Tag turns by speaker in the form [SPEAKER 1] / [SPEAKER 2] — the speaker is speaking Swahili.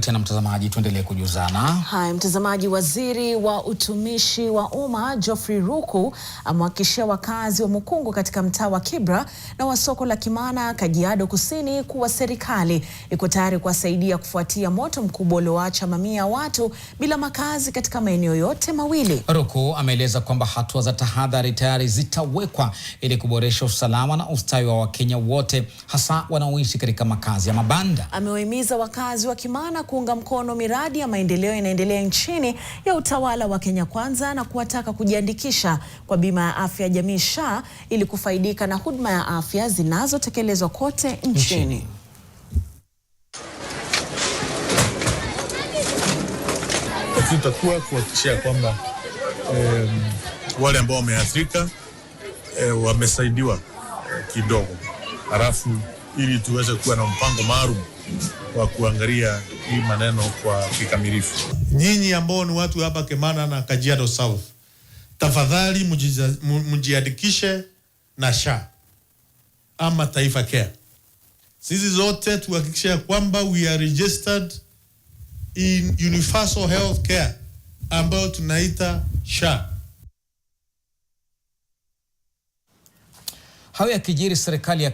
[SPEAKER 1] Tena mtazamaji, tuendelee kujuzana
[SPEAKER 2] haya. Mtazamaji, waziri wa utumishi wa umma Geoffrey Ruku amewahakikishia wakazi wa Mukungu katika mtaa wa Kibra na wa soko la Kimana, Kajiado Kusini kuwa serikali iko tayari kuwasaidia kufuatia moto mkubwa ulioacha mamia ya watu bila makazi katika maeneo yote mawili.
[SPEAKER 1] Ruku ameeleza kwamba hatua za tahadhari tayari zitawekwa ili kuboresha usalama na ustawi wa Wakenya wote, hasa wanaoishi katika makazi ya mabanda.
[SPEAKER 2] Amewahimiza wakazi wa Kimana kuunga mkono miradi ya maendeleo inaendelea nchini ya utawala wa Kenya Kwanza na kuwataka kujiandikisha kwa bima ya afya jamii SHA ili kufaidika na huduma ya afya zinazotekelezwa kote nchini, nchini.
[SPEAKER 3] Tutakuwa kuhakikishia kwamba eh, wale ambao wameathirika eh, wamesaidiwa eh, kidogo halafu ili tuweze kuwa na mpango maalum wa kuangalia hii maneno kwa kikamilifu.
[SPEAKER 4] Nyinyi ambao ni watu hapa Kemana na Kajiado South, tafadhali mjiandikishe na SHA ama Taifa Care. Sisi zote tuhakikishe ya kwamba we are registered in universal health care ambayo tunaita SHA. Hayo yakijiri serikali ya